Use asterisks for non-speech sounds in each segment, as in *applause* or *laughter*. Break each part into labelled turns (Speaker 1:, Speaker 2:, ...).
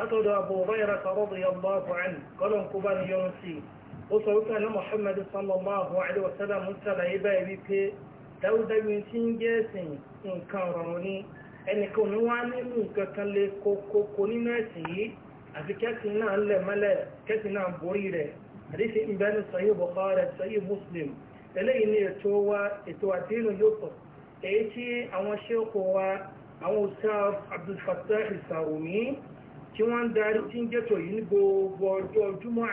Speaker 1: látọ̀dọ̀ Abu Hurairah radiyallahu anhu kọ́lọ̀ ń kó bá ní yọrùn sí ó sọ wípé ní Muhammad sallallahu alaihi wa sallam ń sàlàyé báyìí wípé dáúdáwí tí ń jẹ́ ẹ̀sìn nǹkan rọrùn ni ẹnìkan ní wá nínú nǹkan kan lè kókó nínú ẹ̀sìn yìí àti kẹ́sìn náà ń lẹ̀ mọ́lẹ̀ kẹ́sìn náà borí rẹ̀ àdéṣe ìbẹ́nu sahih Bukhari sahih Muslim eléyìí ni ètò wa ètò àdínú yóò pọ̀ èyí tí àwọn ṣe kó wa àwọn ustaz Abdul Fattah Sarumi tí wọ́n ń darí tí ń jẹ́tọ̀ yìí ní gbogbo ọjọ́ júmọ́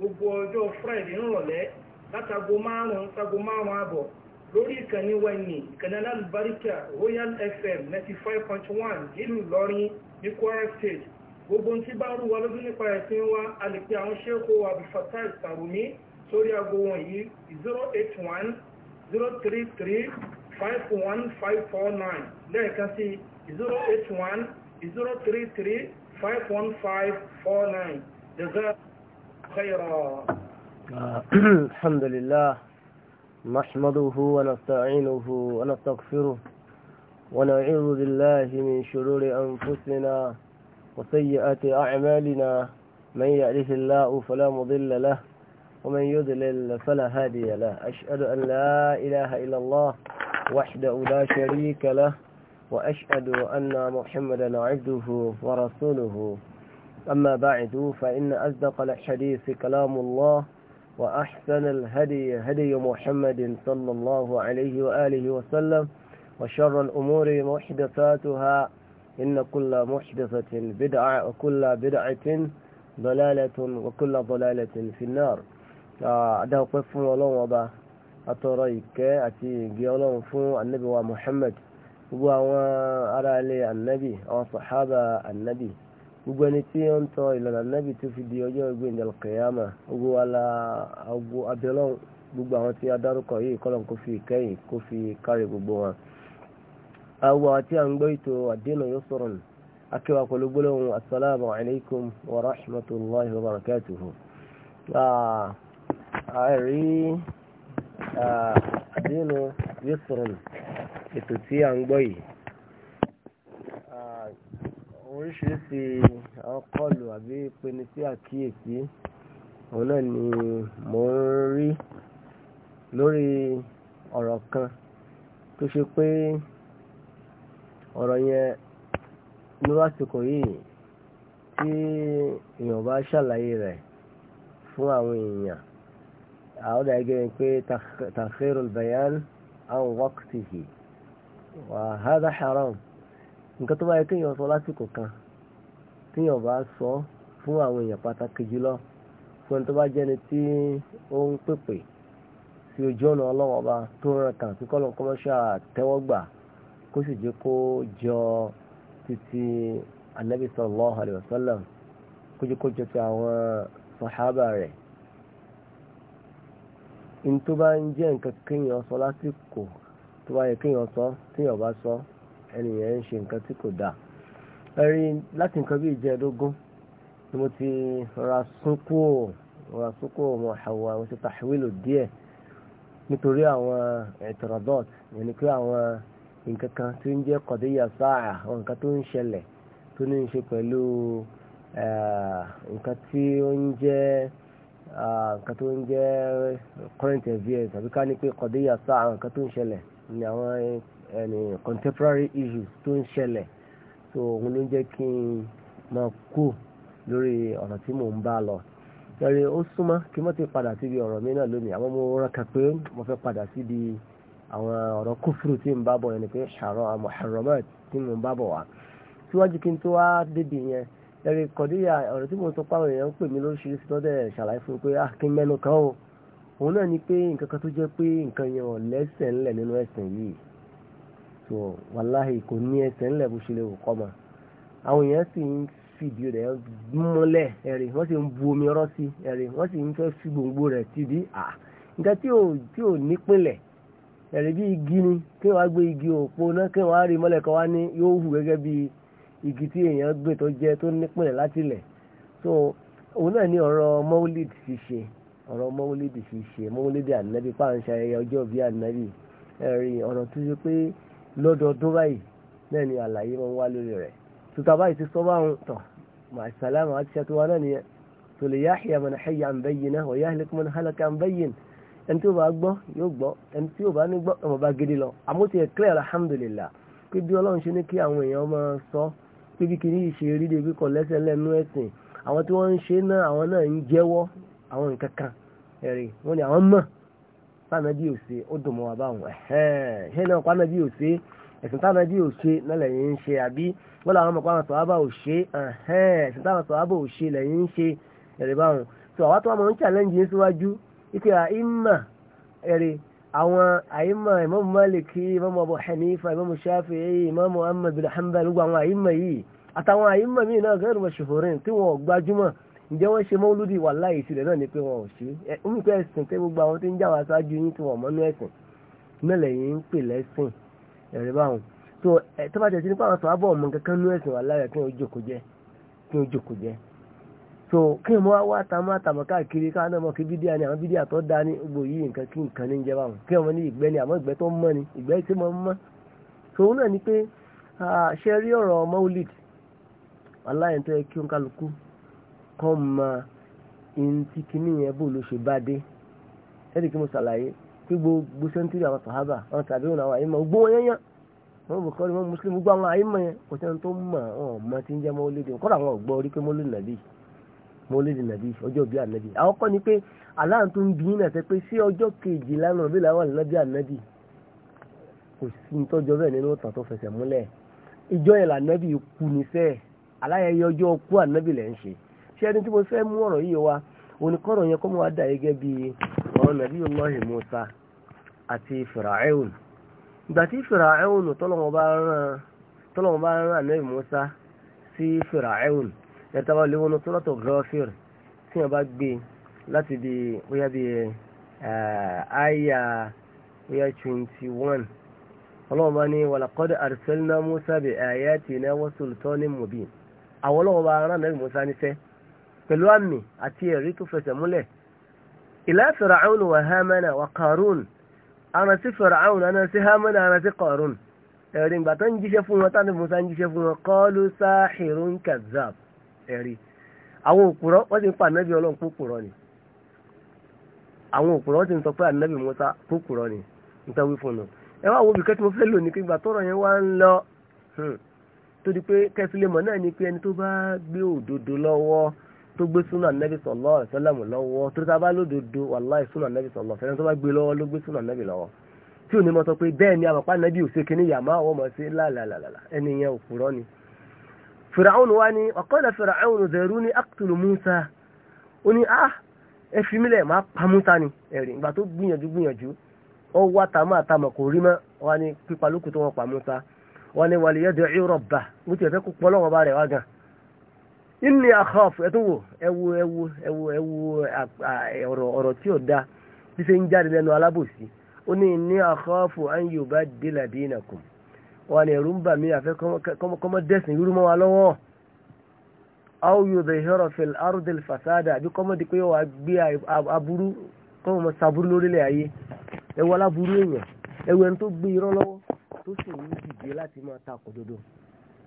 Speaker 1: gbogbo ọjọ́ friday ńrọ̀lẹ́ látago márùn-ún tago márùn-ún àbọ̀ lórí ìkànnì wẹ̀nyí ìkànnì Barika royal fm ninety five point one nílùú ìlọrin ní kwara state gbogbo ohun tí bá rú wa lójú nípa ẹ̀sìn wa a lè pe àwọn ṣéèkó abdulfatai sarumi sórí aago wọ̀nyí zero eight one zero three three five one five four nine lẹ́ẹ̀kan sí zero eight one zero three three. 51549 خيرا
Speaker 2: *clears throat* الحمد لله نحمده ونستعينه ونستغفره ونعوذ بالله من شرور أنفسنا وسيئات أعمالنا من يأله الله فلا مضل له ومن يضلل فلا هادي له أشهد أن لا إله إلا الله وحده لا شريك له وأشهد أن محمدا عبده ورسوله أما بعد فإن أصدق الحديث كلام الله وأحسن الهدي هدي محمد صلى الله عليه وآله وسلم وشر الأمور محدثاتها إن كل محدثة بدعة وكل بدعة ضلالة وكل ضلالة في النار أدعو قفوا ولوم وبا أتريك أتي قيولون فو النبي ومحمد gbogbo àwọn ará ilé ànábì àwọn sàhábà ànábì gbogbo ẹni tí ó ń tọ ìlànà ànábì tó fi di ọjọ́ ìgbé ìdàlù kẹyàmà gbogbo ala agbo abẹ́lọ́ gbogbo àwọn tí a dárúkọ yìí kọ́lọ̀ kó fi kẹ́yìn kó fi kárí gbogbo wọn. àwọn àti à ń gbọ́ ètò àdénà yóò sọ̀rọ̀ nù akéwà pẹ̀lú gbólóhùn asalaamu alaykum wa rahmatulahi wa barakatuhu. ẹ̀rí ah, nínú yusrun eto tí a ń gbọ́ yìí oríṣiríṣi àwọn kọlù àbí pinni sí àkíyèsí òun náà ni mò ń rí lórí ọ̀rọ̀ kan tó ṣe pé ọ̀rọ̀ yẹn ní yìí tí èèyàn bá ṣàlàyé rẹ̀ fún àwọn èèyàn àwọn ọ̀dà ẹgbẹ́ yẹn pé tàkìrò bayan àwọn wákìtì yìí wà hádà haram nǹkan tó bá yẹ kéèyàn sọ lásìkò kan téèyàn bá sọ fún àwọn èèyàn pàtàkì jùlọ fún ẹni tó bá jẹ́ni tí ó ń pèpè sí ojú ọ̀nà ọlọ́wọ́ ọba tó ń ràn sí kọ́lọ̀ kọ́mọ́ṣà tẹ́wọ́gbà kó sì jẹ́ kó jọ títí anabi sallallahu alayhi kó jẹ́ kó jọ ti àwọn sàhábà rẹ̀ ní tó bá ń jẹ́ nǹkan kéèyàn sọ lásìkò tó bá yẹ kéèyàn sọ téèyàn bá sọ ẹnìyẹn ń ṣe nǹkan tí kò dáa ẹ̀rí láti nǹkan bí ìjẹ́ẹ̀dógún ni mo ti ra súnkú ra súnkú ọmọ àwọ̀ àwọn ti tàwílò díẹ̀ nítorí àwọn ẹ̀tọ̀rọ̀dọ́t yẹn pé àwọn nǹkan kan tó ń jẹ́ kọ̀déyà sáà àwọn nǹkan tó ń ṣẹlẹ̀ tó ní í ṣe pẹ̀lú nǹkan tí ó ń jẹ́ nǹkan tó ń jẹ́ current affairs àbí ká ní pé kọ̀díyà sá àwọn tó ń ṣẹlẹ̀ ní àwọn contemporary issues tó ń ṣẹlẹ̀ so òun ló jẹ́ kí n máa kú lórí ọ̀nà tí mò ń bá lọ ẹ̀rẹ̀ ó súnmọ́ kí mo ti padà síbi ọ̀rọ̀ mi náà lónìí àmọ́ pé mo fẹ́ padà síbi àwọn ọ̀rọ̀ ẹ̀rí ya ọ̀rọ̀ tí mo sọ páwọn èèyàn ń pè mí lóríṣiríṣi lọ́dẹ̀ ṣàlàyé fún pé akin ah, mẹ́nu kan o òun náà ni pé nǹkan kan tó jẹ́ pé nǹkan yẹn nínú ẹ̀sìn yìí so wàláhì kò ní ẹsẹ̀ ńlẹ̀ bó ṣe lè wò àwọn èèyàn sì ń omi sí ẹ̀rí wọ́n sì ń fẹ́ fi gbòǹgbò rẹ̀ à nǹkan tí igi ni kí wọ́n á gbé igi òpó náà kí wọ́n igi tí èèyàn gbé tó jẹ tó nípìnlẹ̀ láti lẹ̀ so òun náà ní ọ̀rọ̀ mọ́wúlìd ṣíṣe ọ̀rọ̀ mọ́wúlìd ṣíṣe mọ́wúlìd ànábì pàǹṣà ẹ̀yà ọjọ́ bíi ànábì ẹ̀rí ọ̀rọ̀ tó ṣe pé lọ́dọọdún báyìí náà ni àlàyé máa ń wá lórí rẹ̀ tuta báyìí ti sọ báwọn tọ̀ màṣáláàmù àti ṣètò wa náà nìyẹn tó lè yáhìá mọ̀nà ẹ̀yà ń bẹ́yìn náà wọ́n yáhìá lẹ́kùnmọ́nà hálàkà ń ẹni tí ó bá gbọ́ yóò gbọ́ ẹni tí ó bá ní gbọ́ ọmọ bá gidi lọ àmọ́ ti ẹ̀ clear alhamdulillah pé bí ọlọ́run ṣe ní kí àwọn èèyàn máa sọ pébí kìíní yìí ṣe rí de pé kọ̀ lẹ́sẹ̀ lẹ́nu ẹ̀sìn àwọn tí wọ́n ń ṣe náà àwọn náà ń jẹ́wọ́ àwọn nǹkan kan ẹ̀rì wọ́n ní àwọn mọ̀ pànàbí ò ṣe ó dùn mọ́ wa báwọn ẹ̀hẹ́n ṣé náà pànàbí ò ṣe ẹ̀sìn pànàbí ò náà lẹ́yìn ń ṣe àbí wọ́n làwọn mọ̀ pàwọn sọ̀hábà ò ẹ̀hẹ́n ẹ̀sìn táwọn sọ̀hábà lẹ́yìn ń ṣe ẹ̀rì báwọn challenge yín síwájú ike àìmọ̀ ẹ̀rì àwọn àyímọ̀ ìmámù Málíkì ìmámù Abu Hanifa ìmámù Shafi'i ìmámù Ahmad bin Hanbal gbogbo àwọn àyímọ̀ yìí àtàwọn àyímọ̀ míì náà gẹ́rù mọ̀ṣòfòrin tí wọ́n gbajúmọ̀ ǹjẹ́ wọ́n ṣe mọ́lúdì wà láì ìsìlẹ̀ náà ni pé wọn ò ṣe é ń pẹ́ ẹ̀sìn pé gbogbo àwọn tí ń jà wá ṣáájú yín tí wọ́n mọ́nú ẹ̀sìn náà lẹ́yìn ń pè lẹ́sìn so kí n wá wá tamọ́ àtàmọ́ káàkiri káwọn náà mọ̀ kí bídíà ni àwọn bídíà tó dá ní gbogbo yìí nǹkan kí nǹkan ní jẹba wọn kí wọn ní ìgbẹ́ ni àmọ́ ìgbẹ́ tó mọ́ ni ìgbẹ́ tí mo mọ́ so òun náà ni pé ṣe rí ọ̀rọ̀ maulid aláyẹn tó yẹ kí n kálukú kọ́ mọ ihun tí kinní yẹn bò ló ṣe bá dé ẹ̀rì kí mo ṣàlàyé pé gbogbo sẹ́ńtúrì àwọn sàhábà àwọn tàbí òun àwọn àyèmọ̀ gbó wọn yẹn yẹn wọn bò kọ́ni wọn mùsùlùmí gbọ́ àwọn àyèmọ̀ yẹn kò sẹ́ni tó mọ̀ ọ́n mọ́ ti ń jẹ́ mọ́lídìí kọ́ra àwọn ọ̀gbọ́ orí pé mọ́lídìí nàbí mọ́lẹ́dì nabi ọjọ́ bíi ànábì àkọ́kọ́ ni pé aláǹ tó ń bí yín àti pé sí ọjọ́ kejì lánàá bí làwọn ànábì ànábì kò sí nítọ́jọ́ bẹ́ẹ̀ nínú ọ̀tàn tó fẹsẹ̀ múlẹ̀ ìjọ yẹn lànábì kú ní aláyẹyẹ ọjọ́ kú ànábì lẹ́ ń ṣe ṣé ẹni tí mo fẹ́ mú ọ̀rọ̀ yìí wa oníkọ́rọ̀ yẹn kọ́ mọ́ wá dà gẹ́gẹ́ bí ọ̀rọ̀ ẹ̀tàbà léwọ́n ní sọ́lọ́tò gọ́fìr tí wọ́n bá gbé láti bí bóyá bí àyà bóyá twenty one ọlọ́run bá ní walaqad arsalna Musa bi ayatina wa sultanin mubin àwọn ọlọ́run bá rán nàbí Musa níṣẹ́ pẹ̀lú àmì àti ẹ̀rí tó fẹsẹ̀ múlẹ̀ ila Fir'aun wa Hamana wa Qarun aransi Fir'aun aransi Hamana aransi Qarun ẹ̀rí ìgbà tó ń jíṣẹ́ fún wọn tánàbí Musa jíṣẹ́ fún wọn qalu sahirun kazzab ẹ̀rí àwọn òpùrọ́ wọ́n ti ń pa ànábì ọlọ́run pópùrọ́ ni àwọn òpùrọ́ ti ń sọ pé ni níta wí fún un ẹ wá wo kẹ́tí mo fẹ́ lò ní pé ìgbà tọ́rọ̀ yẹn wá ń lọ hmm. tó di pé mọ̀ náà ni pé ẹni tó bá gbé òdodo lọ́wọ́ tó gbé súnà nẹ́bí sọ̀lọ́ ọ̀sẹ́lẹ̀mù lọ́wọ́ tó tá a bá lódodo wàláì súnà nẹ́bí sọ̀lọ́ fìràún wá ní ọ̀kọ́lẹ̀ fìràún zẹ̀rú ní àkùtùlù musa ó ní ah ẹ fi mílẹ̀ máa pa musa ni ẹ̀rì ìgbà tó gbìyànjú gbìyànjú ó wá tamọ́ àtamọ́ kò rí mọ́ wá ní pípa lókù tó wọ́n pa musa wá ní wàlẹ̀ yẹ́ dẹ̀ ìrọ̀ bà mo ti ẹ̀fẹ́ kó pọ́ lọ́wọ́ bá rẹ̀ wá gan inni akhaf ẹ̀tún wò ẹwu ẹwu ẹwu ẹwu ọ̀rọ̀ tí ò da bí ṣe ń jáde lẹ́nu alábòsí ó ní inni akhaf an yubaddila dinakum wà ní ẹ̀rù ń bà mí àfẹ́ kọ́mọ dẹ́sìn irú mọ́ wa lọ́wọ́ aw yudhiru fil ardil fasada àbí kọ́mọ di pé wà gbé aburú kọ́mọ mọ́ saburú lórílẹ̀ ayé ẹ wọ aláburú èèyàn ẹ wọ ẹni tó gbé irọ́ lọ́wọ́ tó sì ń dìde láti máa ta kò dodo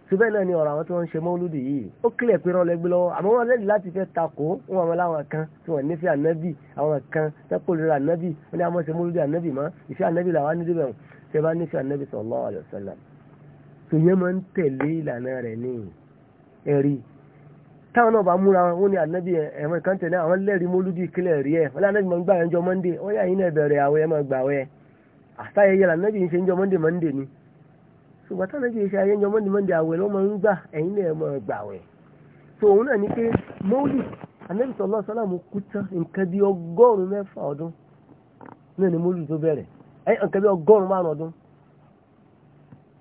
Speaker 2: síbẹ̀ náà ni ọ̀rọ̀ àwọn tí wọ́n ń ṣe mọ́lúdì yìí ó kílẹ̀ pé rán lẹ́gbẹ́ lọ́wọ́ àmọ́ wọ́n lẹ́yìn láti fẹ́ takò wọn àwọn aláwọn kan tí wọ́n nífẹ̀ẹ́ ànábì àwọn kan tẹ́kọ̀ lórí ànábì wọ́n ní àwọn ṣe mọ́lúdì ànábì mọ́ ìfẹ́ ànábì làwọn á ní débẹ̀ wọn ṣe bá nífẹ̀ẹ́ ànábì sallallahu alaihi wasallam sèyẹn máa ń tẹ̀lé ìlànà rẹ̀ ní ẹ̀rí táwọn náà bá múra wọn ni ànábì ẹ̀mọ kan tẹ̀lé àwọn lẹ́rìí mólúdì ìkílẹ̀ rí ẹ̀ wọn lànàbì máa ń gbà ẹjọ́ mọ́ndé wọ́n yà yín náà bẹ̀rẹ̀ àwẹ̀ ẹ̀ máa gbà wẹ̀ àtàyẹyẹ lànàbì ń ṣe ẹjọ́ mọ́ndé mọ́ndé ni ṣùgbọ́n táwọn ṣe ayẹyẹ ẹjọ́ mọ́ndé mọ́ndé àwẹ̀ ló máa ń gbà ẹ̀yin náà máa gbà wẹ̀ so òun náà ni pé mọ́lì ànábì sallallahu alaihi wasallam kú tán nǹkan bí ọgọ́rùn-ún mẹ́fà ọdún náà ni mọ́lì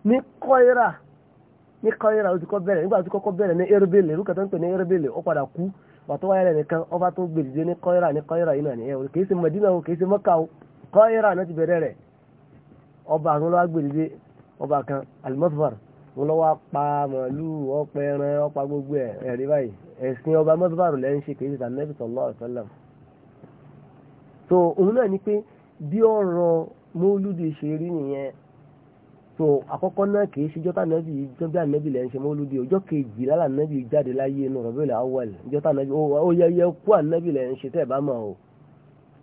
Speaker 2: ní kọ́ira ní kọ́ira ó ti kọ́ bẹ̀rẹ̀ nígbà tó kọ́kọ́ bẹ̀rẹ̀ ní erbele irú kẹta ń pè ní erbele ó padà kú wàtó wáyé rẹ̀ nìkan ọba tó gbèdìde ní kọ́ira ní kọ́ira yìí náà ní ẹ̀wọ̀n kìí ṣe Madina o kìí ṣe Mọ́kà o kọ́ira náà ti bẹ̀rẹ̀ rẹ̀ ọba àwọn lọ́wọ́ gbèdìde ọba kan alimọ́tòfàr wọn lọ́wọ́ pa màálù ọ̀pẹ ẹran ọ̀pá gbogbo ẹ̀ ẹ̀rí báyìí ẹ̀sìn so àkọ́kọ́ náà kì í ṣíjọ́ tánàbí jọ́bí ànábì lẹ́yìn ṣe mọ́lúdì ọjọ́ kejì lára ànábì jáde láyé inú Rabiul Awwal ìjọ́ tánàbí ó yẹyẹ kú ànábì lẹ́yìn ṣe tẹ́ ẹ̀ bá mọ̀ o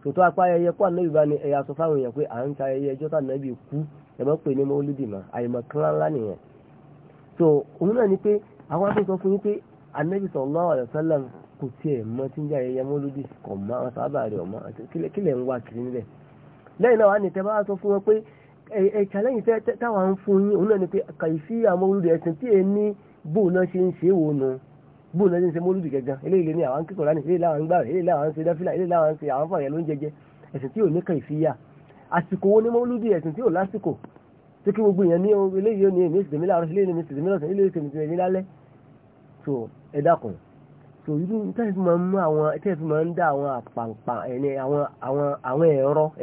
Speaker 2: tòótọ́ apá ayẹyẹ kú ànábì bá ní ẹ̀yà sọ fáwọn èèyàn pé à ń ta ayẹyẹ ọjọ́ tánàbí kú ẹ̀ mọ́ pé ní mọ́lúdì mà àyèmọ̀ kánlá nìyẹn so òun náà ni pé àwọn akéwì sọ fún yín pé ànábì sallallahu alaihi wasallam kò tiẹ̀ mọ tí ń jẹ́ ayẹyẹ mọ́lúdì kọ̀ mọ́ àwọn sábà rẹ̀ ọ̀mọ́ kílẹ̀ ń wá kiri nílẹ̀ lẹ́yìn náà wà ní tẹ́ bá sọ fún wọn pé ẹ̀ẹ́dẹ́gbẹ̀lẹ́yìn táwọn ń fún yín òun náà ni pé kàyífì àmọ́ olùdí ẹ̀sìn tí èé ní bóun náà ṣe ń ṣe é wò nù bóun náà ṣe ń ṣe mólúdì gẹ̀gàn eléyìí lè ní àwọn kíkọ̀ọ́ láti eléyìí láwọn ń gbà eléyìí láwọn ń ṣe dáfílà eléyìí láwọn ń ṣe àwọn fàyẹ̀ ló ń jẹjẹ ẹ̀sìn tí ò ní kàyífìyà àsìkò wo ni mólúdì ẹ̀sìn tí ò lásìkò tí kí gbogbo èèyàn ní eléyìí ní èmi ìsìnkú láàárọ̀ eléyìí ní ìsìnkú so ẹ so irú tẹ́ẹ̀fì máa ń mú àwọn tẹ́ẹ̀fì máa ń dá àwọn àpàǹpà ẹni àwọn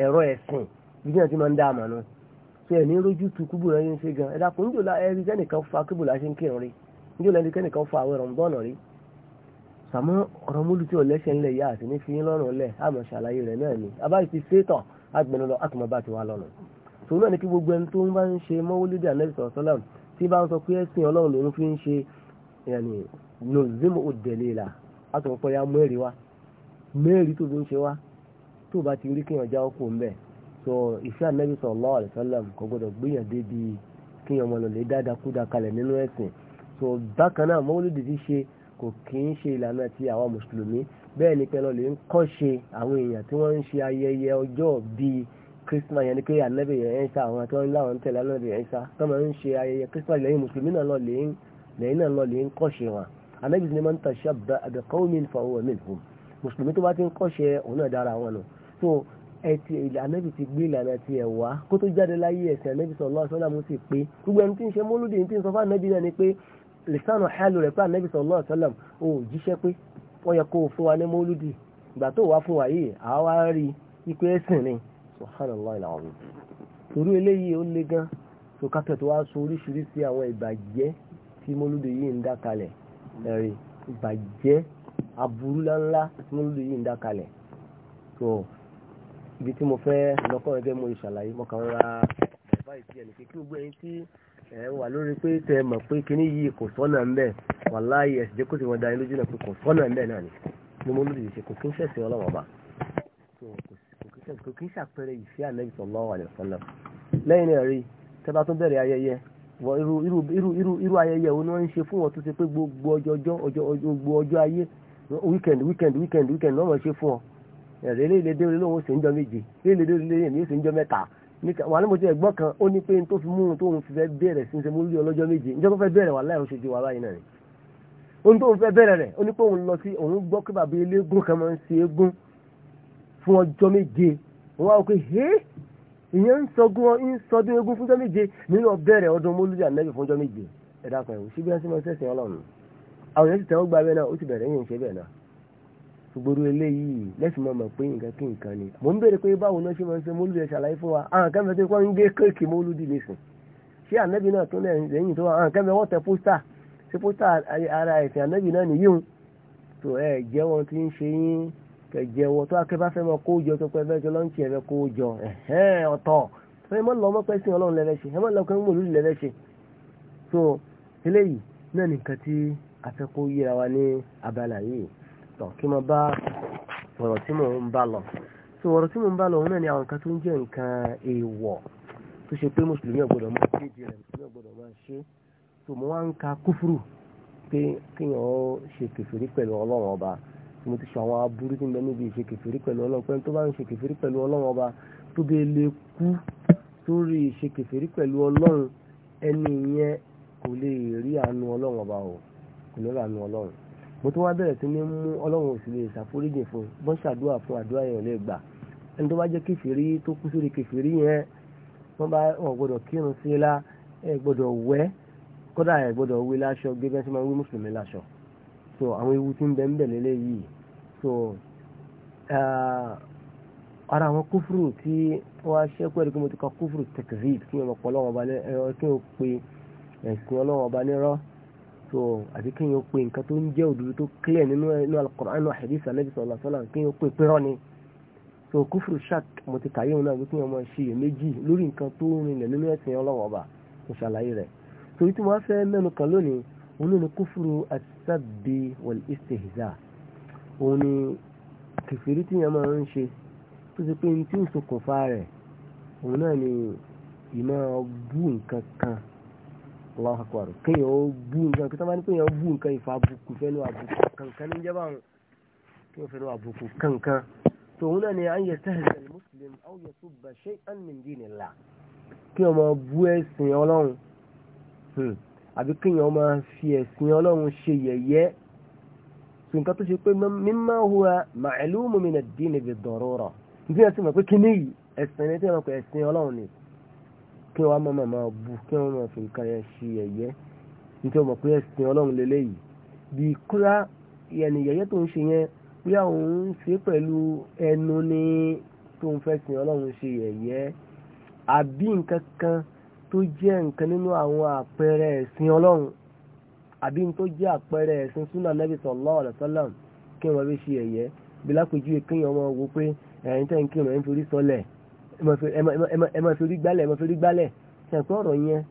Speaker 2: ẹ̀rọ ẹ̀sìn bí wọ́n ti máa ń dá àmà náà tí ẹ̀ ní rójú tu kúbùrà yín ṣe gan ẹ̀dá kò ń jòlá ẹ̀rí kẹ́nìkan fa kúbùrà ṣe ń kírun rí ń jòlá ẹ̀rí kẹ́nìkan fa àwọn Ramadan rí sàmọ́ ọ̀rọ̀ múlù tí ọ̀lẹ́ṣẹ̀ ńlẹ̀ yá àti ní fi yín lọ́rùn lẹ̀ àmọ̀ ṣàlàyé rẹ̀ náà ni abáyé ti sétọ̀ agbẹnu lọ àtùmọ̀ bá ti wá lọ́nà tòun náà ni kí gbogbo ẹni tó ń bá ń ṣe mọ́wólídìí ànẹ́bí sọ̀rọ̀sọ́lá tí bá ń sọ pé ẹ̀sìn ọlọ́run lòun fi ń ṣe yàní nozim odelila àtùmọ̀ pọ̀ ya mẹ́rin wá mẹ́rin tó fi ń ṣe wá já ọkọ̀ ń so ìfẹ́ ànábì sallallahu alaihi wasallam kò gbọdọ̀ gbìyàn débi kí ọmọ lọ lè dáadáa kúdà kalẹ̀ nínú ẹ̀sìn so bákan náà mọ́wúlùdì ti ṣe kò kì í ṣe ìlànà ti àwọn mùsùlùmí bẹ́ẹ̀ ni pẹ̀lú lè ń kọ́ ṣe àwọn èèyàn tí wọ́n ń ṣe ayẹyẹ ọjọ́ bíi Christmas yẹn ni pé ànábì yẹn ń sá àwọn tí wọ́n ń láwọn tẹ̀lé ànábì yẹn ń sá tó Christmas lẹ́yìn mùsùlùmí náà lọ lè ń lẹ́yìn náà lọ lè ń kọ́ ṣe wọn ànábì ni man tashabbaha bi qawmin fa huwa minhum mùsùlùmí tó bá ti ń kọ́ òun náà dára wọn nù so ẹtì ànábì ti gbé ìlànà ti ẹ̀ wá kó tó jáde láyé ẹ̀sìn ànábì sallallahu alaihi wasallam ti pé gbogbo ẹni tí ń ṣe mọ́lódì ní tí ń sọ fún ànábì náà ni pé lẹ́sàn-án hàlù rẹ̀ pé ànábì sallallahu alaihi wasallam ò jíṣẹ́ pé wọ́n yẹ kó o fún wa ní mọ́lódì ìgbà tó wá fún wa yìí àá wá rí i pé ẹ̀sìn ni subhanallah alazim torí eléyìí ó le gan so ibi tí mo fẹ́ lọ́kọ́ ẹgbẹ́ mo ṣàlàyé mo kàn ra bàbá ìtì ẹ̀ nìkan kí gbogbo ẹni tí ẹ wà lórí pé tẹ mọ̀ pé kíní yìí kò sọ́nà ń bẹ̀ wàláyé ẹ̀sìn jẹ́ kó ti wọn da lójú náà pé kò sọ́nà ń bẹ̀ náà ni ni mo lóde ìṣe kò kí ń ṣẹ̀sìn ọlọ́wọ́ bá kò kí ń ṣàpẹẹrẹ ìfẹ́ ànẹ́bí sallallahu alaihi wasallam lẹ́yìn náà rí tẹ́bá tó bẹ̀rẹ̀ ayẹyẹ irú ayẹyẹ wo ni wọ́n ń ṣe fún wọn tó ṣe pé gbogbo ọjọ́ ọjọ́ gbogbo ọjọ́ ayé wíkẹ̀ndì wíkẹ̀ndì wíkẹ̀ndì wíkẹ̀ndì wọ́n mọ̀ ṣe fún ọ ẹ̀rẹ́ léèlédé orí lóun ó sì ń jọ méje léèlédé orí lóun ó sì ń jọ mẹ́ta wà ní mo ti ẹ̀gbọ́n kan ó ní pé tó fi mú un tóun fi fẹ́ bẹ̀rẹ̀ sí ń ṣe mú rí ọlọ́jọ́ méje ǹjẹ́ tó fẹ́ bẹ̀rẹ̀ wà láì oṣù ti wà báyìí náà rẹ̀ ohun tóun fẹ́ bẹ̀rẹ̀ rẹ̀ ó ní pé òun lọ sí òun gbọ́ pé bàbá eléégún kan máa ń ṣe eégún fún ọjọ́ méje òun wá wọ pé hé ìyẹn ń sọgún ọ ń sọdún eégún fún ọjọ́ méje nínú ọbẹ̀rẹ̀ ọdún mólúdì ànẹ́bì fún ọjọ́ méje ẹ̀dá kan ẹ̀wò síbi ẹ̀ sí máa ń sẹ̀sìn ọlọ́run àwọn èèyàn sì tẹ́wọ́ gba abẹ́ náà ó ti bẹ̀rẹ̀ yìí ń ṣe bẹ́ẹ̀ náà gbogbo eléyìí lẹ́sìn máa mọ̀ pé nǹkan kí nǹkan ni mò ń béèrè pé báwo náà ṣe máa ń ṣe mólúdi ẹ̀ ṣàlàyé fún wa àwọn akẹ́mẹ́ tó ń gé kéèkì mólúdi nìsín ṣé ànẹ́bí náà tó lẹ́yìn tó àwọn akẹ́mẹ́ wọ́n tẹ pósítà ṣé pósítà ara ẹ̀sìn ànẹ́bí náà nìyíhun tó ẹ jẹ́ wọn ti ń ṣe yín kẹjẹ wọ tó akẹ́ bá fẹ́ mọ kó jọ tó pẹ́ fẹ́ lọ́ǹtì ẹ̀ fẹ́ kó jọ ọ̀tọ̀ ẹ mọ́ lọ mọ́pẹ́ sí ọlọ́run lẹ́fẹ́ ṣe ẹ mọ́ lọ kẹ́ mólúdi lẹ́fẹ́ ṣe so eléyìí náà nìkan a fẹ́ kó yíra tọ̀ kí mo bá ọ̀rọ̀ tí mò ń bá lọ tí ọ̀rọ̀ tí mò ń bá lọ náà ni àwọn nǹkan tó ń jẹ́ nǹkan èèwọ̀ tó ṣe pé mùsùlùmí ọ̀gbọ́dọ̀ máa ṣe èdè rẹ̀ mùsùlùmí ọ̀gbọ́dọ̀ máa ṣe tó mo wá ń ka kúfúrù pé kéèyàn ó ṣe kẹfìrí pẹ̀lú ọlọ́run ọba tí mo ti ṣe àwọn aburú tí ń bẹ níbi ìṣe kẹfìrí pẹ̀lú ọlọ́run pé tó bá ń ṣe kẹfìrí pẹ̀lú ọlọ́run ọba tó bẹ lè kú sórí ìṣe kẹfìrí pẹ̀lú ọlọ́run ẹni yẹn kò lè rí àánú ọlọ́run ọba o kò lè rí àánú ọlọ́run mo tó wá bẹ̀rẹ̀ sí ní mú ọlọ́run òsì lè ṣàforíjì fún bọ́n ṣàdúrà fún àdúrà yẹn lè gbà ẹni tó bá jẹ́ kẹfìrí tó kú sórí kẹfìrí yẹn wọ́n bá wọn gbọ́dọ̀ kírun sí la ẹ gbọ́dọ̀ wẹ̀ kódà ẹ gbọ́dọ̀ wé láṣọ gbé sí máa wé mùsùlùmí láṣọ so àwọn ewu tí ń bẹ ń bẹ lélẹ̀ yìí so ara àwọn kúfùrù tí wọ́n ṣẹ́kù ẹ̀rí pé mo ti ka kúfùrù tẹ̀kìrì kí wọ́n pọ̀ lọ́wọ́ ọba so àti kí n yóò pe nǹkan tó ń jẹ́ òdodo tó clear nínú inú al-Qur'an nínú hadith anabi sallallahu alaihi wasallam kí n yóò pe pẹ́rọ́ ni so kúfùrù shak mo ti kàyé òun náà wípé ọmọ ṣiyèméjì lórí nǹkan tó rinlẹ̀ nínú ẹ̀sìn ọlọ́wọ́ ọba mo ṣàlàyé rẹ̀ torí tí wọ́n fẹ́ mẹ́nu kan lónìí òun ní kúfùrù as-sabbi wal òun ni kẹfìrí tí yẹn máa ń Allahu akbar kéèyàn ó bú nǹkan kí táwọn ní kéèyàn ó bú nǹkan ìfà àbùkù fẹ́nu àbùkù kankan ní jẹ́bà ń kéèyàn fẹ́nu àbùkù kankan tó òun náà ni à ń yẹ sẹ́hìn sẹ́hìn mùsùlùmí àwọn yẹ tó bẹ̀ ṣé à ń mìn dín nìlá kéèyàn máa bú ẹ̀sìn ọlọ́run hmm. àbí kéèyàn máa fi ẹ̀sìn ọlọ́run ṣe yẹ̀yẹ́ tó nǹkan tó ṣe pé mímá hùwà màálùmù mi nà dín níbi dọ̀rọ̀ rọ̀ nítorí ẹ̀sìn mọ̀ pé kíní ni tí wọ́n pè ẹ̀sìn ọlọ́run ni kí wọ́n máa máa bu kí wọ́n máa fi nǹkan yẹn ṣe ẹ̀yẹ nítorí ọmọ pé ẹ̀sìn ọlọ́run lélẹ́yìí bí kúrá yẹn yẹ̀yẹ́ tó ń ṣe yẹn bí àwọn ń ṣe pẹ̀lú ẹnu ní tó ń fẹ́ sìn ọlọ́run ṣe yẹ̀yẹ́ àbí nǹkan kan tó jẹ́ nǹkan nínú àwọn àpẹẹrẹ ẹ̀sìn ọlọ́run àbí tó jẹ́ àpẹẹrẹ ẹ̀sìn súnà nẹ́bí sallallahu alaihi kí wọ́n fi ṣe yẹ̀yẹ́ bí lápèjúwe kéèyàn ọmọ wo pé ẹ̀yin tẹ́ ń kírun ẹ̀ ń forí sọlẹ̀ ẹ máa torí gbálẹ̀ ẹ máa torí gbálẹ̀ ṣàǹkó ọ̀rọ̀ yẹn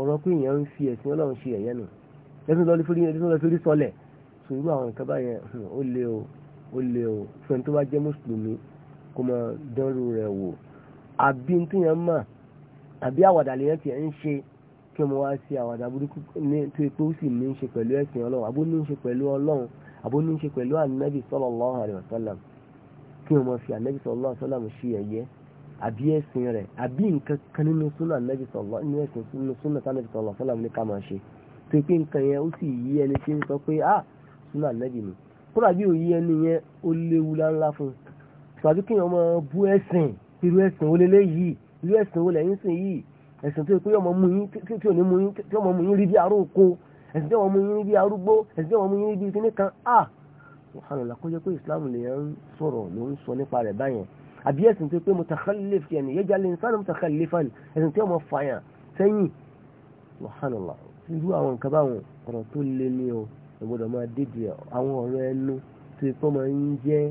Speaker 2: ọ̀rọ̀ pé èèyàn ń fi ẹ̀sìn ọlọ́run ṣe ẹ̀yẹ́ nù ẹ̀sìn lọ́ọ́ lórí ẹ̀sìn lọ́ọ́ lórí sọlẹ̀ sọ irú àwọn nǹkan báyẹn ó lé o ó lé o fún ẹni tó bá jẹ́ mùsùlùmí kó máa dánrù rẹ̀ wò àbí tí yẹn mà àbí àwàdà lèyàn tiẹ̀ ń ṣe kí ọmọ wa ṣe àwàdà burúkú ní tó epo ó sì ní í ṣe pẹ̀lú ẹ̀sìn ọlọ́run àbó ní í ṣe pẹ̀lú ọlọ́run àbó ní í ṣe pẹ̀lú ànábì sallallahu alaihi wasallam kí ọmọ fi ànábì sallallahu alaihi ṣe ẹ̀yẹ́ àbí ẹ̀sìn rẹ̀ àbí nǹkan kan nínú súnà nẹ́bí sọ̀lọ́ nínú ẹ̀sìn nínú súnà sánẹ́bí sọ̀lọ́ fọlá ní ká máa ṣe tó pé nǹkan yẹn ó sì yí ẹni tí ń sọ pé ah súnà nẹ́bí mi kódà bí òyí ẹni yẹn ó léwu láńlá fún un tàbí kí ọmọ bú ẹ̀sìn irú ẹ̀sìn ó lélẹ́ yìí irú ẹ̀sìn ó lẹ́yìn sìn yìí ẹ̀sìn tó pé ọmọ mú yín tí ò ní mú yín tí ọmọ mú yín rí bí arúgbó ẹ̀sìn ah wàhálà kó jẹ́ pé ìsìláàmù lè ń sọ̀rọ̀ ló ń sọ nípa rẹ̀ báyẹn àbí ẹ̀sìn tó pé mutakhallif yẹn yẹjà lè sáré mutakhallifan ẹ̀sìn tí ọmọ fàyà sẹ́yìn subhanallah irú àwọn nǹkan báwọn ọ̀rọ̀ tó lé ní o ìgbọ́dọ̀ máa dédìí àwọn ọ̀rọ̀ ẹnu tó ipò máa ń jẹ́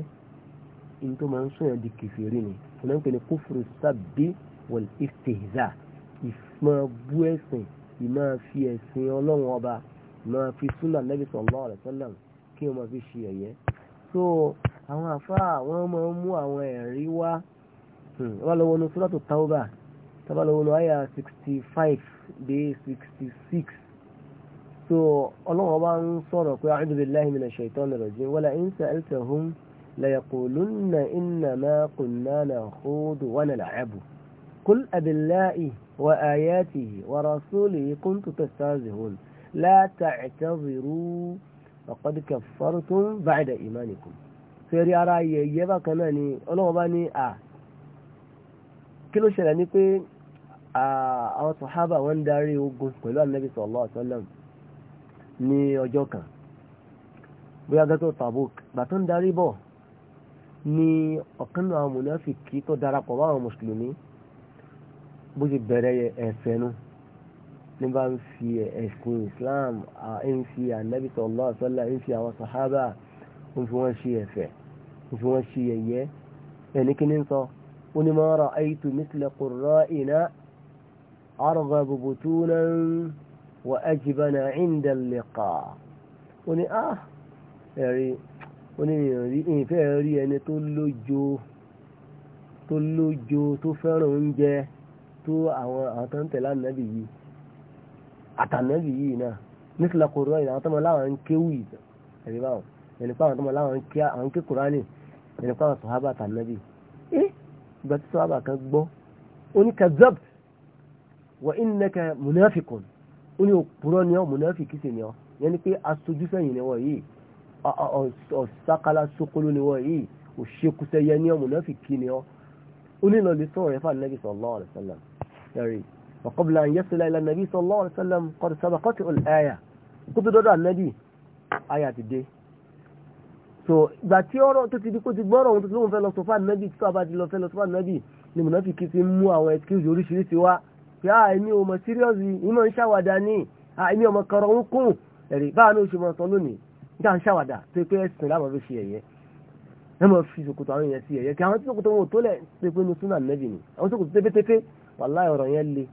Speaker 2: in tó máa ń sọ̀yàn di kìfìrí ni kò náà ń pè ní kufru sabbi wal istihza ìmọ̀ bú ẹ̀sìn ìmọ̀ fi ẹ̀sìn ọlọ́run ọba ìmọ̀ fi súnà nabi sallallahu alaihi kí wọ́n máa fi ṣe ẹ̀yẹ́ so àwọn àfáà wọ́n máa ń mú àwọn ẹ̀rí wá hmm, wọ́n lọ́wọ́ ní sọ́dọ̀tò tauba tọ́ba lọ́wọ́ ní àyà sixty dé sixty so ọlọ́wọ́ bá ń sọ̀rọ̀ pé a'udhu billahi minash shaitani rajim wala in sa'altahum ليقولن إنما قلنا نخوض ونلعب قل أبالله وآياته ورسوله كنتم تستهزئون لا تعتذروا فقد كفرتم بعد إيمانكم sẹ́rí ara yẹ̀yẹ́ bákan náà ni ọlọ́wọ́ bá ní à kí ló ṣẹlẹ̀ ní pé àwọn sàhábà wọ́n ń darí ogun pẹ̀lú ànábì sallallahu alaihi wasallam ní ọjọ́ kan bóyá gẹ́gẹ́ Tabuk bàtọ́ ń darí bọ̀ ní ọ̀kan náà àwọn mùnáfìkì tó darapọ̀ báwọn mùsùlùmí bó ti bẹ̀rẹ̀ ẹ̀fẹ̀ nu ní bá ń fi ẹ̀sìn Islam ń fi ànábì sallallahu alaihi ń fi àwọn sàhábà ń fi wọ́n ṣe ẹ̀fẹ̀ kò fi wọ́n ṣe yẹ̀yẹ́ ẹni kí ní sọ ó ní ma ra'aytu mithla qurra'ina arghabu butunan wa ajbana 'inda al-liqa ó ní ah ẹ̀rí ó ní ìfẹ́ rí ẹni tó lójo tó lójo tó fẹ́ràn oúnjẹ tó àwọn àtọ́ntẹ̀lá nàbì yìí àtànàbì yìí náà mithla qurra'ina àwọn tó mọ láwọn ń kéwì ẹ̀rí báwọn ẹni pé àwọn tó mọ láwọn ń ké Kùránì ẹ̀rẹ̀ pàwọn sọ̀hábà tànàbì ẹ́ eh, ìgbà tí sọ̀hábà kan gbọ́ oníkazab wà ìnẹ́kẹ mùnáfìkùn ó ní òpùrọ̀ ni ọ́ mùnáfìkì sì ni ọ́ yẹn ni pé aṣojú sẹ́yìn ni wọ́n yìí ọ̀sákálá sókóló ni wọ́n yìí òṣèkúsẹ́ yẹn ni ọ́ mùnáfìkì ni ọ́ ó ní lọ́ọ́ lè sọ̀rọ̀ ẹ̀fà nàbì sallallahu alaihi wasallam وقبل أن يصل إلى النبي صلى الله عليه وسلم قد سبقته الآية قد دعا النبي آيات دي so ìgbà tí ọ̀rọ̀ tó ti di kó ti gbọ́rọ̀ ohun tó ti lóun fẹ́ lọ sọ fáànù nẹ́bì tó abájí lọ fẹ́ lọ sọ fáànù nẹ́bì ni mùnàfíkì ti mú àwọn excuse oríṣiríṣi wá pé à ah, èmi ò mọ̀ serious ìmọ̀ ń ṣàwàdà ní à ah, èmi ò mọ̀ kọ̀rọ̀ ń kùn ẹ̀rí báwọn oṣù mọ̀ sọ lónìí níta ń ṣàwàdà tó pé ẹ̀sìn láwọn fi ṣe ẹ̀yẹ ẹ mọ̀ fi ṣòkòtò àwọn èèyàn sí ẹ̀yẹ kí àwọn tí ṣòkòtò wọn ò tó lẹ̀ ṣe pé inú súnà nẹ́bì ni àwọn ṣòkòtò tẹ́fẹ́tẹ́fẹ́ wàláì ọ̀rọ̀ yẹn le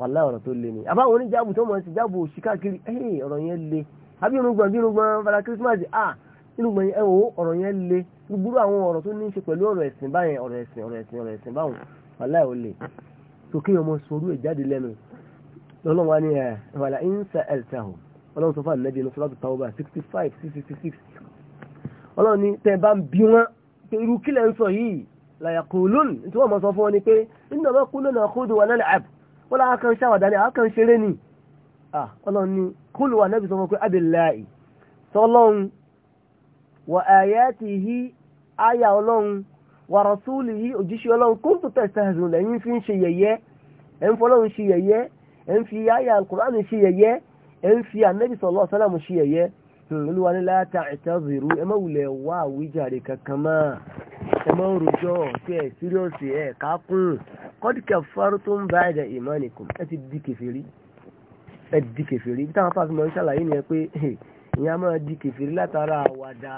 Speaker 2: wàláì ọ̀rọ̀ tó le ni àbáwọn oníjàbù tó mọ̀ sí jàbù òṣì káàkiri ọ̀rọ̀ nínú gbọ̀nyìn ẹ wo ọ̀rọ̀ yẹn le gbogbo àwọn ọ̀rọ̀ tó ní í ṣe pẹ̀lú ọ̀rọ̀ ẹ̀sìn báyẹn ọ̀rọ̀ ẹ̀sìn ọ̀rọ̀ ẹ̀sìn ọ̀rọ̀ ẹ̀sìn báwọn wàlá ò lè tó kéèyàn ọmọ sọrú ẹ̀ lẹ́nu lọ́lọ́run wa ni ẹ̀ wàlá insa eltahu ọlọ́run sọ fún ànábì inú sọ́lá tàwọ́bà sixty five six sixty six ọlọ́run ni tẹ́ ẹ bá ń bí wọn pé irú kílẹ̀ ń sọ yìí làyàkùlùn tí wọ́n mọ̀ sọ fún wọn ni pé iná bá kú lónà kúndù wà lálẹ́ àb wọ́n làá kan ṣàwàdà ni àákan ṣeré ni ọlọ́run ni kúlù wà nábì sọ fún pé abillahi sọlọ́run wa ayatihi àyà ọlọ́run wa rasulihi òjíṣẹ́ ọlọ́run kuntum tastahzi'un lẹ́yìn fi ń ṣe yẹ̀yẹ́ ẹ̀ ń fọlọ́run ṣe yẹ̀yẹ́ ẹ̀ ń fi àyà alukur'an ṣe yẹ̀yẹ́ ẹ̀ ń fi anabi sallallahu alaihi wasallam ṣe yẹ̀yẹ́ hmm, olúwa ní la ta'taziru ẹ má wulẹ̀ wá àwíjàre kankan mọ́ ẹ má rojọ́ tí ẹ síríọ̀sì ẹ kákún qad kaffartum ba'da imanikum ẹ ti di kèfèrí ẹ di kèfèrí bí táwọn afáàfin máa ṣàlàyé nìyẹn pé ìyá máa di kèfèrí látara àwàdà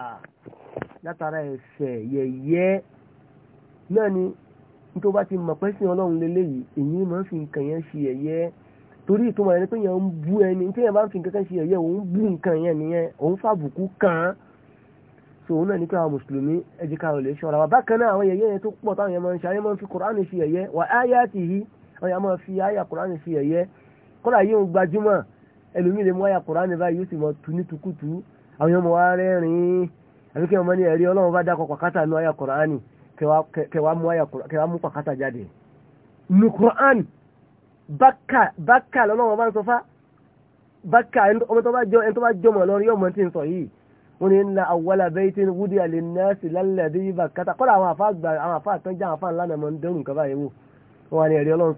Speaker 2: látara ẹ̀fẹ̀ yẹ̀yẹ́ náà ni nítorí bá ti mọ̀ pé sí ọlọ́run lélẹ́yìí èyí máa ń fi nǹkan yẹn ṣe ẹ̀yẹ́ torí ìtumọ̀ ẹni pé yẹn ń bú ẹni tí yẹn bá ń fi nǹkan kan ṣe ẹ̀yẹ́ òun bú nǹkan yẹn nìyẹn òun fàbùkù kàn án so òun náà ní pé àwọn mùsùlùmí ẹjẹ káwọn lè ṣọ́ra wa bákan náà àwọn yẹ̀yẹ́ yẹn tó pọ̀ táwọn yẹn máa ń ṣe ayé máa ń fi ẹlòmíì lè mú àyà kùránì báyìí yóò sì mọ tu ní tukutu àwọn yóò mọ wá rẹ́rìn-ín àbí kí wọ́n mọ ní ẹ̀rí ọlọ́run bá dákọ̀ pàkátà nú àyà kùránì kẹwàá mú pàkátà jáde nù kùránì bákà bákà lọ́lọ́run bá ń sọ fá bákà ọmọ tó bá jọ ẹni tó bá jọmọ lọ́rùn yóò mọ tí ń sọ yìí wọ́n ní ńlá awọ́lá bẹ́ẹ̀ tí wúdi àlè nẹ́ẹ̀sì lálẹ́dí yìí bá kátà kọ́lá àwọn àfa àgbà àwọn àfa àtọ́jà àwọn àfa ńlá nàmọ́ ń dẹ́rù nǹkan báyìí wò wọ́n ní ẹ̀rí ọlọ́run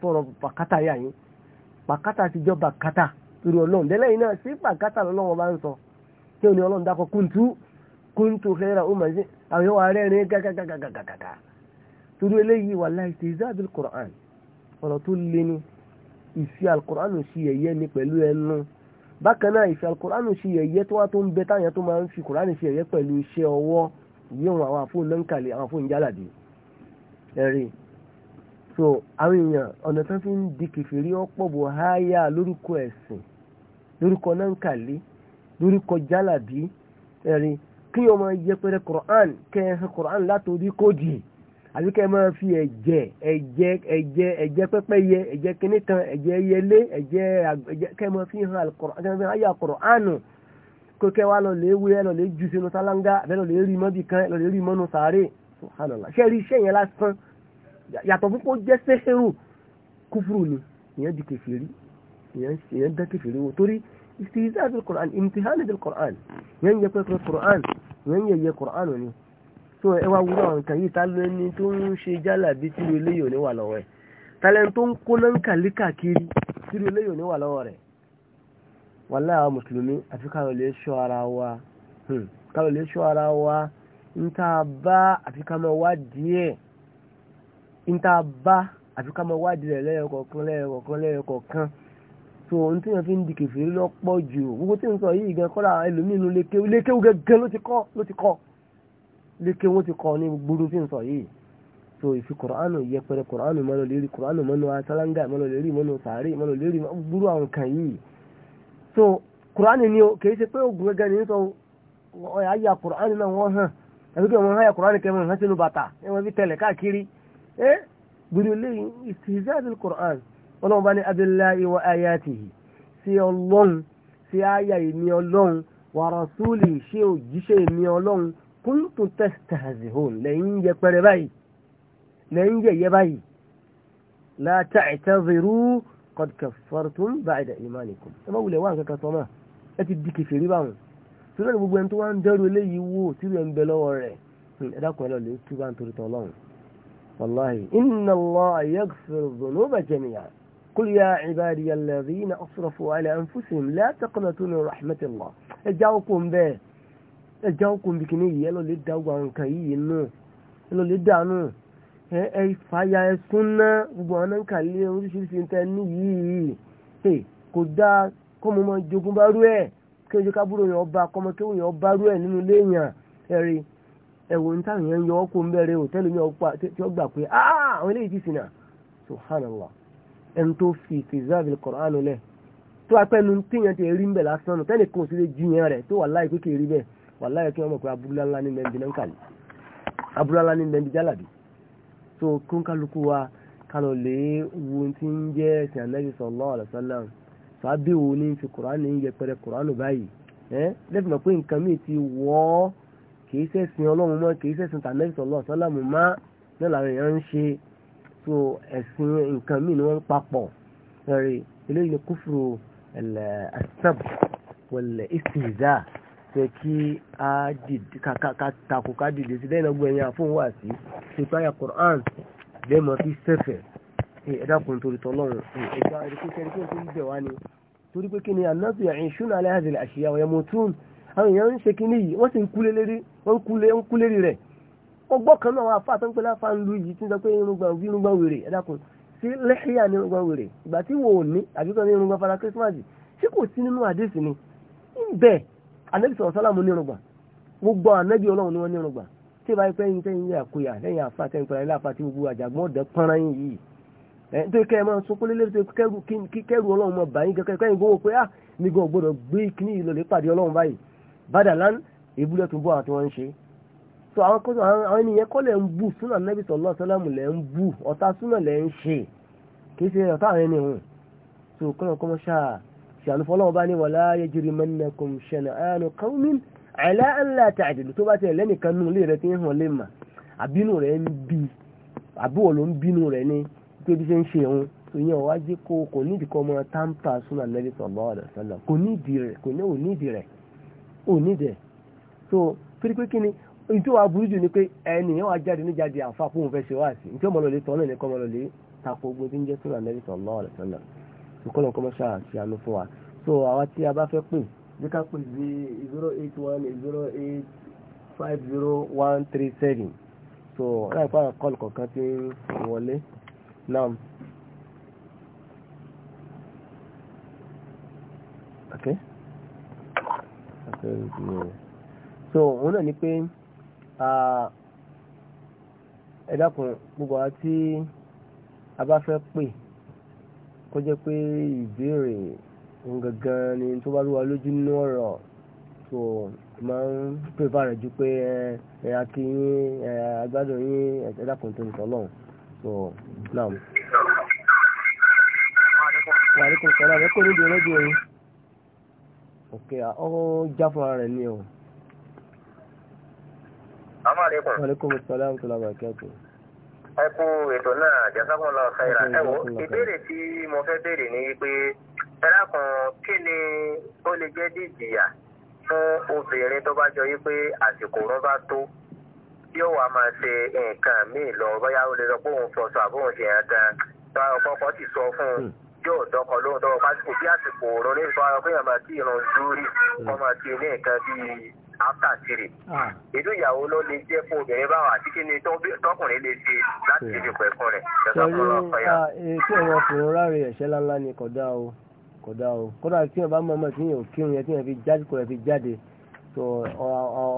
Speaker 2: sọ̀rọ̀ bàkátà yà yín pàkátà ti jọ bàkátà torí ọlọ́run lẹ́lẹ́yìn náà sí pàkátà lọ́lọ́wọ́ bá ń sọ tí ò ní ọlọ́run dákọ̀ kúntù kúntù kẹ́ra ó màá sí àwọn yóò wá rẹ́rìn gàgàgàgàgàgà torí eléyìí wà láì ṣe ìzáàbí kùrán ọ̀rọ̀ tó lé ní ìfi alkùrán sí ẹ̀yẹ ni pẹ̀lú ẹnu bákan náà ìfi alkùrán sí ẹ̀yẹ tó wá tó ń bẹ táyẹn tó máa ń fi kùrán sí ẹ̀yẹ pẹ̀lú iṣẹ́ ọwọ́ yíyan àwọn àfóun náà ń kàlẹ̀ àwọn àfóun jálàdì ẹ̀rìn so àwọn èèyàn ọ̀nà tó fi ń di kẹfìrí ọ̀pọ̀ bò háyà lórúkọ ẹ̀sìn lórúkọ nankali lórúkọ jálàbí ẹ̀rí kí ọmọ yẹpẹrẹ Qur'an kẹ ẹ Qur'an látòdì kòdì àbí kẹ ẹ máa fi ẹ̀jẹ̀ ẹ̀jẹ̀ ẹ̀jẹ̀ ẹ̀jẹ̀ pẹ́pẹ́yẹ ẹ̀jẹ̀ kínní kan ẹ̀jẹ̀ yẹlé ẹ̀jẹ̀ kẹ ẹ máa fi hàn àyà Qur'an kókẹ́ wa lọ lè wé ẹ lọ lè jù sínú sálángá àbẹ́ lọ lè rí mọ́bì kan ẹ lọ lè rí mọ́nu sàárè subhanallah ṣe rí iṣẹ́ yẹn lásán yàtọ̀ fún kó jẹ́ sẹ́hẹ́rù kúfúrú ni ìyẹn di kẹfìrí ìyẹn dá kẹfìrí wo torí ìsìyíṣẹ́ àti Qur'an ìmùtìhánì àti Qur'an ìyẹn yẹ pẹ́pẹ́ Qur'an ìyẹn yẹ yẹ Qur'an ni so ẹ wá wúlò àwọn nǹkan yìí ta ló ẹni tó ń ṣe jálà bí tìrú eléyìí ò ní wà lọ́wọ́ ẹ̀ ta lẹ́ni tó ń kó lọ́nkà lékàkiri tìrú eléyìí ò ní wà lọ́wọ́ rẹ̀ wàlá àwọn mùsùlùmí àfi káwọn lè ṣọ́ ara wa ń hmm. tá bá àfi wá díẹ̀ inta bá àfi ká mọ wádìí rẹ̀ lẹ́yọkọ̀ọ̀kan lẹ́yọkọ̀ọ̀kan lẹ́yọkọ̀ọ̀kan so ohun tí wọ́n fi ń di kèfèrí lọ́pọ̀ jù gbogbo tí ń sọ yìí gan kọ́ra ẹlòmínú lékewu lékewu gẹ́gẹ́ ló ti kọ́ ló ti kọ́ lékewu ti kọ́ ní gbúdú tí ń sọ yìí so ìfi kùránù yẹpẹrẹ kùránù mọ́nà lérí kùránù mọ́nà asálángà mọ́nà lérí mọ́nà sàárè mọ́nà lérí àwọn kan yìí kùránù ni kìí ṣe pé gẹ́gẹ́ ni sọ kùránù náà wọ́n hàn àbíkẹ́ wọn hàn kùránù kẹ́ ẹ́ eh? gbèrè lẹ́yìn istihza'il Qur'an ọlọ́run bá ní abillahi wa ayatihi sí ọlọ́run sí àyà èmi ọlọ́run wa rasuli ṣé òjíṣẹ́ èmi ọlọ́run kuntum tastahzihun lẹ́yìn yẹpẹrẹ báyìí lẹ́yìn yẹyẹ báyìí la ta'taziru qad kaffartum ba'da imanikum ẹ má wulẹ̀ wá nǹkan kan sọ́mọ́ ẹ ti di kèfèrí báwọn sílẹ̀ gbogbo ẹni tó wàláhì inna Allaha yaghfiru dhunuba jami'an qul ya ibadiya alladhina asrafu ala anfusihim la taqnatu min rahmatillah ẹ já okùn bẹ́ẹ̀ ẹ já okùn bí kìíní yìí ẹ lọ lè dá ogun àwọn nǹkan yìí nù ẹ lọ lè dànù ẹ ẹ fàyà ẹ súnná gbogbo àwọn náà ń kàlẹ́ oríṣiríṣi ń tẹ́ ní yìí kò dáa kọ́mọ máa jogún bá rú ẹ̀ kí ojú kábúrò yẹn ọba kọ́mọ kéwòn yẹn ọba rú ẹ̀ nínú ilé yẹn ẹ̀rí ẹ̀wọ̀n ní táwọn èèyàn yọ ọ́ kó ń bẹ̀rẹ̀ òtẹ́lì mi tí ó gbà pé ah, ah, àwọn eléyìí ti ṣìnà subhanallah ẹni tó fi preserve Qur'an lẹ̀ tó wá pẹ́nu téèyàn ti rí ń bẹ̀ lásán nù tẹ́lẹ̀ kan ò sí lè jí yẹn rẹ̀ tó wà láì kékeré rí bẹ́ẹ̀ wà láì kí wọ́n mọ̀ pé abúlé ńlá ní mẹ́bí náà kàlí abúlé ńlá ní mẹ́bí jálàbí tó kún kálukú wa kálọ̀ lé wo ti ń jẹ́ ẹ̀sìn kìí ṣẹ̀sìn ọlọ́run mọ́ kìí ṣẹ̀sìn tànẹ́sì ọlọ́ọ̀sọ́lámù má náà làwọn èèyàn ń ṣe so ẹ̀sìn nǹkan míì ni wọ́n ń papọ̀ rẹ̀ eléyìí ni kúfùrù ẹ̀lẹ̀ asab wẹ̀lẹ̀ ìsìnzá fẹ́ kí a dìde kàkàkàkù ká dìde sí lẹ́yìn ọgbọ́n ẹ̀yìn àfóhùn wà sí ṣe báyà Qur'an bẹ́ẹ̀ mọ́ fi sẹ́fẹ̀ ẹ̀dàkùn torí tọ́lọ́run ẹ̀dàkùn torí tọ́lọ́run torí pé kí ni anáàtú ya'ishuna ala hadhihi al-ashya wa yamutun àwọn èèyàn ń ṣe kinní yìí wọ́n sì ń kúlé lérí wọ́n ń kúlé ń rẹ̀ ọgbọ́n kan náà a afá tó ń pè láfa ń lu yìí tí ń sọ pé irungba bí irungba wèrè ẹ dákun sí lẹ́hìá ní irungba wèrè ìgbà tí wò ó ní ní irungba fara kírísímàsì tí kò sí nínú àdéhùn ni níbẹ̀ anabi sọ̀rọ̀ sálàmù ní irungba gbogbo anabi ọlọ́run ni wọ́n ní irungba tí ìbá ipẹ́ yín tẹ́yìn àkóyà lẹ́yìn afá tẹ́yìn pẹ̀lú ilé tí gbogbo àjàgbọ́n ọ̀dẹ́ pọ́nrán yín yìí kẹ́ ẹ máa sọ badalan ìbúlẹ̀ tún bọ́ àwọn wọ́n ń ṣe so àwọn kọ́sọ̀ àwọn ènìyàn kọ́ lẹ̀ ń bù súnà nẹ́bí sọ̀lọ́ sọ́lámù lẹ̀ ń bù ọ̀tá súnà lẹ̀ ń ṣe kì ṣe ọ̀tá àwọn ẹni so kọ́nà kọ́mọ ṣáà ṣàlùfọ́ ọlọ́run bá ní wala yajrimannakum shana'anu qawmin ala an la ta'dilu tó bá tiẹ̀ lẹ́nìkan nù lè rẹ ti ń hàn lè mà àbínú rẹ̀ ń bí àbúwọ̀ ló ń bínú rẹ̀ ní pé bí ṣe ń ṣe òun ìyẹn ò wá jẹ́ kó kò nídìí kọ́ ọmọ táǹpà súnà nẹ́bí sọ̀lọ́ kò nídìí rẹ̀ kò ní ònídìí rẹ̀ ò ní dẹ̀ so torí pé kí ni ní tí wàá burú jù ni pé ẹnìyàn wàá jáde ní jáde àfa fún òun fẹ́ ṣe wáàsí ní tí ọmọ lọlé tọ́ náà ní kọ́ ọmọ lọlé tako ogun tí ń jẹ́ sọ́nà nẹ́bí sallallahu alaihi wasallam nǹkan lọ́kọ́ mọ́ṣá ṣe àánú fún wa so àwa tí a bá fẹ́ pè bí ká pè sí zero eight one zero eight five zero one three seven so láì pa àwọn kọ́ọ̀lù kọ̀ọ̀kan tí ń wọlé náà. Okay. so òun náà ni pé gbogbo àwọn tí a bá fẹ́ pè kó jẹ́ pé ìbéèrè gangan ni tó bá rú lójú nínú ọ̀rọ̀ so máa ń pèpà rẹ̀ ju pé ẹ akí yín agbádùn yín so now.
Speaker 1: wàhálà sọ̀rọ̀ ẹ kò
Speaker 2: ní ok ọ̀hún ah, já fúnra rẹ̀ ni o. Assalamu alaikum. Wa alaikum assalam tó lábàá kẹ́kọ̀ọ́. ẹ kú ètò náà jazakumullahu khairan ẹ wo ìbéèrè tí mo fẹ́ béèrè ni pé ẹlákan kí ni ó lè jẹ́ díjìyà fún obìnrin tó bá jọ yí pé àsìkò òun bá tó yóò wá máa ṣe nǹkan míì lọ bóyá ó lè sọ pé òun fọṣọ àbóhùn ṣe yẹn gan-an tó àwọn kọ́kọ́ sì sọ fún un. Hmm yóò dọkọ lóhùn tọwọ pásítọ bí àsìkò òrùn ní ìfọwọ́ pé yàrá tí irun zúrí ọmọ ti ní nǹkan bíi after three. ìlú ah. ìyàwó ló lè jẹ́ fún obìnrin báwa àti kí ni tọkùnrin lè ṣe láti hmm. ṣe pẹ̀kún rẹ̀. pẹ̀lú etí ọmọ ọkùnrin ah, eh, ráre ẹ̀ṣẹ̀ lánlá ni kódà o kódà o kódà tí yẹn bá mọ̀ mọ̀ tí yẹn ò kírun yẹn tí yẹn fi jáde kó yẹn fi jáde so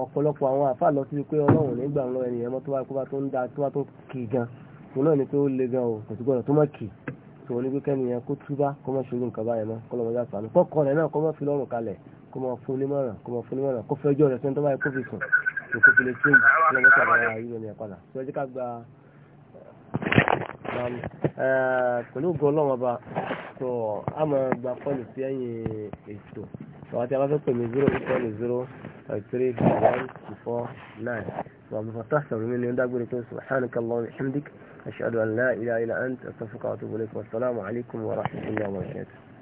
Speaker 2: ọ̀pọ̀lọpọ̀ àwọn àfa lọ sí pé ọlọ́run nígbà ńlọ ẹnìyẹn mọ́ tó bá tó ń da tó bá tó kì gan òun náà ni pé ó le gan o kò sí gbọ́dọ̀ tó mọ̀ kì í tó ní pípẹ́ nìyẹn kó túbá kó má ṣe nǹkan báyẹn mọ́ kó lọ́mọ yá sànù kọ́kọ́ rẹ̀ náà kó má fi lọ́rùn kalẹ̀ kó má fún onímọ̀ràn kó má fún onímọ̀ràn kó fẹjọ́ rẹ̀ sẹ́ni tó báyìí kó fi sùn tó kó fi lè tún yìí lọ́mọ sàbára yìí lọ́mọ yẹn padà tó ẹ jẹ́ ká gba um, pẹ̀lú ògùn ọlọ́run ọba tó a máa gba pọ́ọ̀lù sí ẹ̀yìn ètò àwọn tí a bá fẹ́ pè mí zero eight one zero three one two four nine. ومفتح مني سبحانك اللهم وبحمدك أشهد أن لا إله إلا أنت أستغفرك وأتوب إليك والسلام عليكم ورحمة الله وبركاته